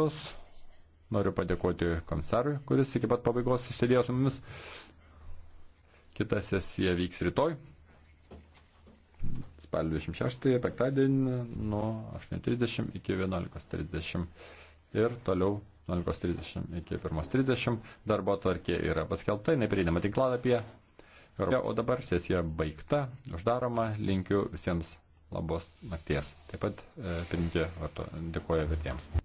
aspektus. Noriu padėkoti komisarui, kuris iki pat pabaigos išsėdėjo su mumis. Kita sesija vyks rytoj, spalio 26, penktadienį, nuo 8.30 iki 11.30 ir toliau 11.30 iki 1.30. Darbo tvarkė yra paskelbta, neprieinama tinklalapyje. O dabar sesija baigta, uždaroma, linkiu visiems labos nakties. Taip pat e, pirmininkė dėkoja vertiems.